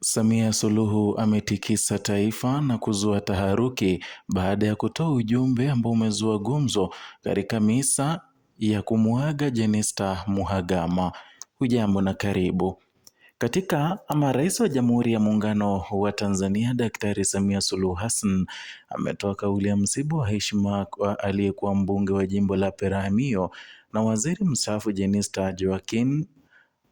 Samia Suluhu ametikisa taifa na kuzua taharuki baada ya kutoa ujumbe ambao umezua gumzo katika misa ya kumuaga Jenista Muhagama. Hujambo na karibu. Katika ama, Rais wa Jamhuri ya Muungano wa Tanzania Daktari Samia Suluhu Hassan ametoa kauli ya msiba wa heshima aliyekuwa mbunge wa jimbo la Peramiho na waziri mstaafu Jenista Joaquin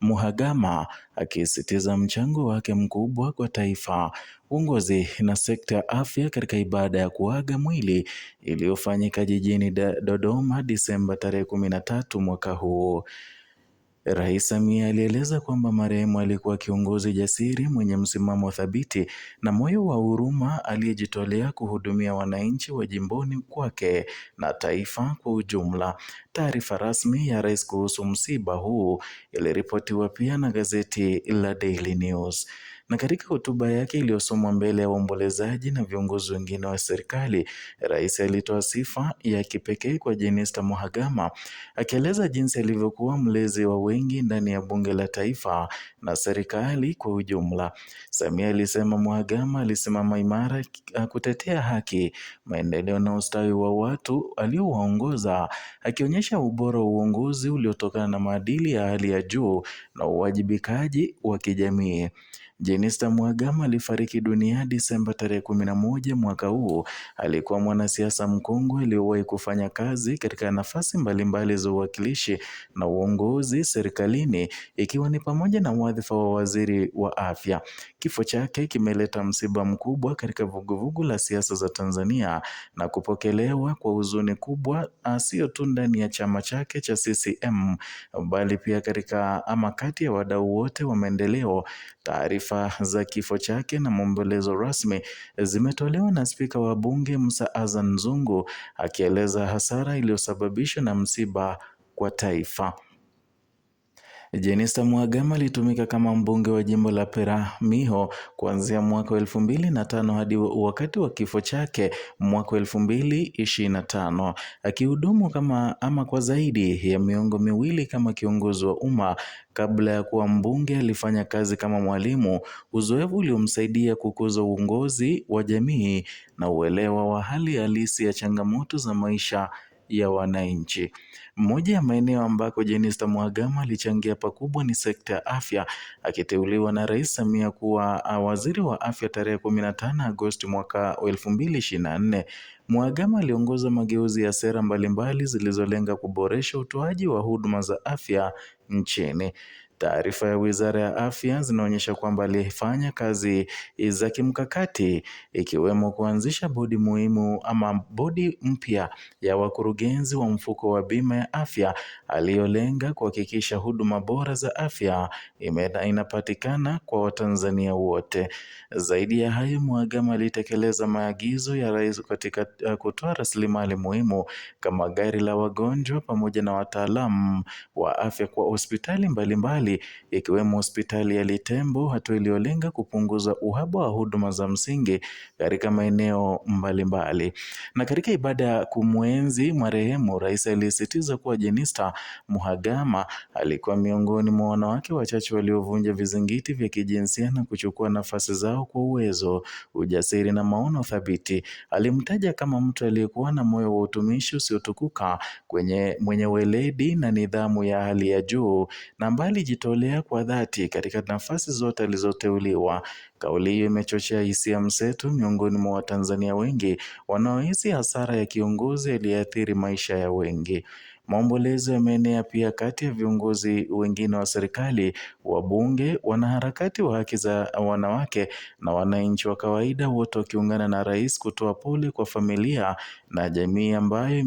Mhagama akisisitiza mchango wake mkubwa kwa taifa, uongozi na sekta ya afya katika ibada ya kuaga mwili iliyofanyika jijini Dodoma Disemba tarehe kumi na tatu mwaka huu. Rais Samia alieleza kwamba marehemu alikuwa kiongozi jasiri mwenye msimamo thabiti na moyo wa huruma aliyejitolea kuhudumia wananchi wa jimboni kwake na taifa kwa ujumla. Taarifa rasmi ya rais kuhusu msiba huu iliripotiwa pia na gazeti la Daily News. Na katika hotuba yake iliyosomwa mbele ya waombolezaji na viongozi wengine wa serikali, rais alitoa sifa ya kipekee kwa Jenista Mhagama, akieleza jinsi alivyokuwa mlezi wa wengi ndani ya bunge la taifa na serikali kwa ujumla. Samia alisema Mhagama alisimama imara kutetea haki, maendeleo na ustawi wa watu aliowaongoza, akionyesha ubora wa uongozi uliotokana na maadili ya hali ya juu na uwajibikaji wa kijamii. Jenista Mhagama alifariki dunia Disemba tarehe 11 mwaka huu. Alikuwa mwanasiasa mkongwe aliyewahi kufanya kazi katika nafasi mbalimbali za uwakilishi na uongozi serikalini ikiwa ni pamoja na wadhifa wa waziri wa afya. Kifo chake kimeleta msiba mkubwa katika vuguvugu la siasa za Tanzania na kupokelewa kwa huzuni kubwa sio tu ndani ya chama chake cha CCM bali pia katika ama kati ya wadau wote wa maendeleo. Taarifa taarifa za kifo chake na maombolezo rasmi zimetolewa na spika wa bunge Musa Azan Zungu akieleza hasara iliyosababishwa na msiba kwa taifa. Jenista Mhagama alitumika kama mbunge wa jimbo la Peramiho kuanzia mwaka wa elfu mbili na tano hadi wakati wa kifo chake mwaka wa elfu mbili ishirini na tano akihudumu kama ama kwa zaidi ya miongo miwili kama kiongozi wa umma. Kabla ya kuwa mbunge, alifanya kazi kama mwalimu, uzoefu uliomsaidia kukuza uongozi wa jamii na uelewa wa hali halisi ya changamoto za maisha ya wananchi. Moja ya maeneo ambako Jenista Mhagama alichangia pakubwa ni sekta ya afya, akiteuliwa na Rais Samia kuwa waziri wa afya tarehe 15 Agosti mwaka 2024. Mhagama aliongoza mageuzi ya sera mbalimbali zilizolenga kuboresha utoaji wa huduma za afya nchini. Taarifa ya Wizara ya Afya zinaonyesha kwamba alifanya kazi eh, za kimkakati ikiwemo kuanzisha bodi muhimu ama bodi mpya ya wakurugenzi wa mfuko wa bima ya afya aliyolenga kuhakikisha huduma bora za afya inapatikana kwa Watanzania wote. Zaidi ya hayo, Mhagama alitekeleza maagizo ya rais katika eh, kutoa rasilimali muhimu kama gari la wagonjwa pamoja na wataalamu wa afya kwa hospitali mbalimbali mbalimbali ikiwemo hospitali ya Litembo, hatua iliyolenga kupunguza uhaba wa huduma za msingi katika maeneo mbalimbali. Na katika ibada ya kumwenzi marehemu, rais alisisitiza kuwa Jenista Mhagama alikuwa miongoni mwa wanawake wachache waliovunja vizingiti vya kijinsia na kuchukua nafasi zao kwa uwezo, ujasiri na maono thabiti. Alimtaja kama mtu aliyekuwa na moyo wa utumishi usiotukuka kwenye mwenye weledi na nidhamu ya hali ya juu na mbali kujitolea kwa dhati katika nafasi zote alizoteuliwa. Kauli hiyo imechochea hisia mseto miongoni mwa Watanzania wengi wanaohisi hasara ya kiongozi aliyeathiri maisha ya wengi. Maombolezo yameenea pia kati ya viongozi wengine wa serikali, wabunge, wanaharakati wa haki za wanawake na wananchi wa kawaida, wote wakiungana na rais kutoa pole kwa familia na jamii ambayo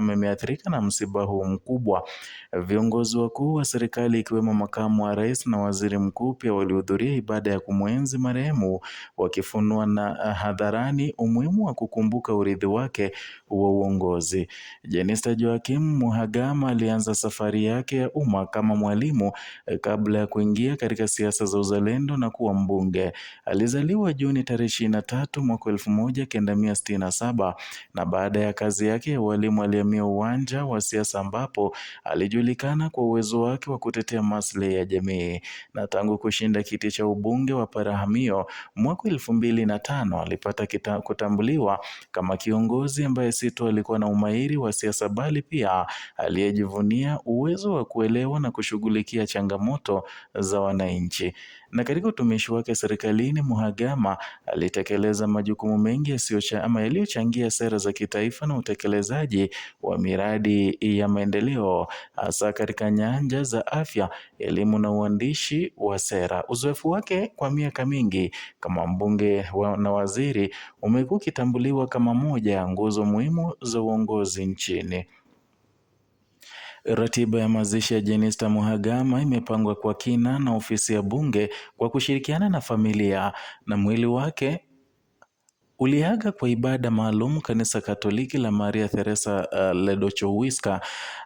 imeathirika na msiba huu mkubwa. Viongozi wakuu wa serikali ikiwemo makamu wa rais na waziri mkuu pia walihudhuria ibada ya kumwenzi marehemu wakifunua na eh, hadharani umuhimu wa kukumbuka urithi wake wa uongozi. Jenista Joakim Ibrahim Mhagama alianza safari yake ya umma kama mwalimu eh, kabla ya kuingia katika siasa za uzalendo na kuwa mbunge. Alizaliwa Juni tarehe ishirini na tatu mwaka elfu moja kenda mia sitini na saba na baada ya kazi yake ya ualimu alihamia uwanja wa siasa ambapo alijulikana kwa uwezo wake wa kutetea maslahi ya jamii na tangu kushinda kiti cha ubunge wa Parahamio mwaka elfu mbili na tano alipata kita, kutambuliwa kama kiongozi ambaye si tu alikuwa na umahiri wa siasa bali pia Tanzania aliyejivunia uwezo wa kuelewa na kushughulikia changamoto za wananchi. Na katika utumishi wake serikalini, Mhagama alitekeleza majukumu mengi yaliyochangia sera za kitaifa na utekelezaji wa miradi ya maendeleo hasa katika nyanja za afya, elimu na uandishi wa sera. Uzoefu wake kwa miaka mingi kama mbunge wa na waziri umekuwa ukitambuliwa kama moja ya nguzo muhimu za uongozi nchini. Ratiba ya mazishi ya Jenista Mhagama imepangwa kwa kina na ofisi ya bunge kwa kushirikiana na familia na mwili wake Uliaga kwa ibada maalum kanisa Katoliki la Maria Theresa uh, Ledochowska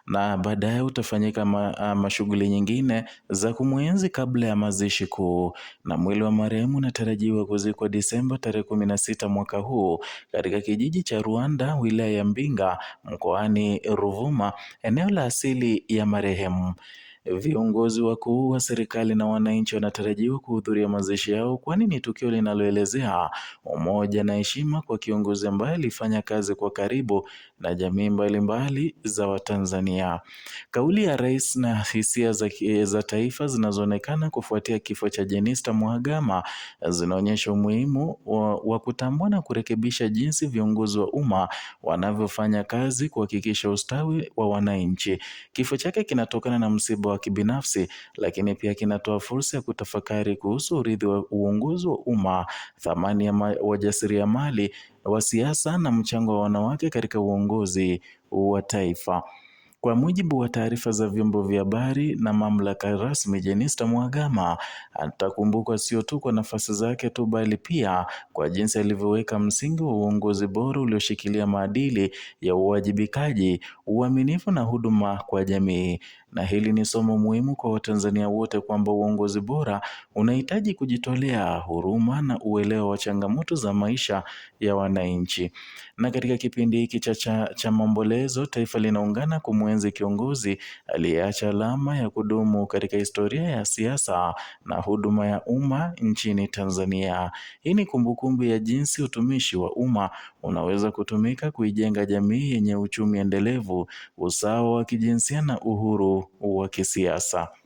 na baadaye utafanyika ma, uh, mashughuli nyingine za kumwenzi kabla ya mazishi kuu, na mwili wa marehemu unatarajiwa kuzikwa Disemba tarehe kumi na sita mwaka huu katika kijiji cha Rwanda, wilaya ya Mbinga, mkoani Ruvuma, eneo la asili ya marehemu. Viongozi wakuu wa serikali na wananchi wanatarajiwa kuhudhuria mazishi yao kwani ni tukio linaloelezea umoja na heshima kwa kiongozi ambaye alifanya kazi kwa karibu na jamii mbalimbali za Watanzania. Kauli ya rais na hisia za, za taifa zinazoonekana kufuatia kifo cha Jenista Mhagama zinaonyesha umuhimu wa, wa kutambua na kurekebisha jinsi viongozi wa umma wanavyofanya kazi kuhakikisha ustawi wa wananchi. Kifo chake kinatokana na msiba wa kibinafsi, lakini pia kinatoa fursa ya kutafakari kuhusu urithi wa uongozi wa umma, thamani ya wajasiriamali wa siasa na mchango wa wanawake katika uongozi wa taifa. Kwa mujibu wa taarifa za vyombo vya habari na mamlaka rasmi, Jenista Mhagama atakumbukwa sio tu kwa nafasi zake tu, bali pia kwa jinsi alivyoweka msingi wa uongozi bora ulioshikilia maadili ya uwajibikaji, uaminifu na huduma kwa jamii na hili ni somo muhimu kwa Watanzania wote kwamba uongozi bora unahitaji kujitolea, huruma na uelewa wa changamoto za maisha ya wananchi. Na katika kipindi hiki cha, cha, cha Maombolezo, taifa linaungana kumwenzi kiongozi aliyeacha alama ya kudumu katika historia ya siasa na huduma ya umma nchini Tanzania. Hii ni kumbukumbu ya jinsi utumishi wa umma unaweza kutumika kuijenga jamii yenye uchumi endelevu, usawa wa kijinsia na uhuru u, u akisiasa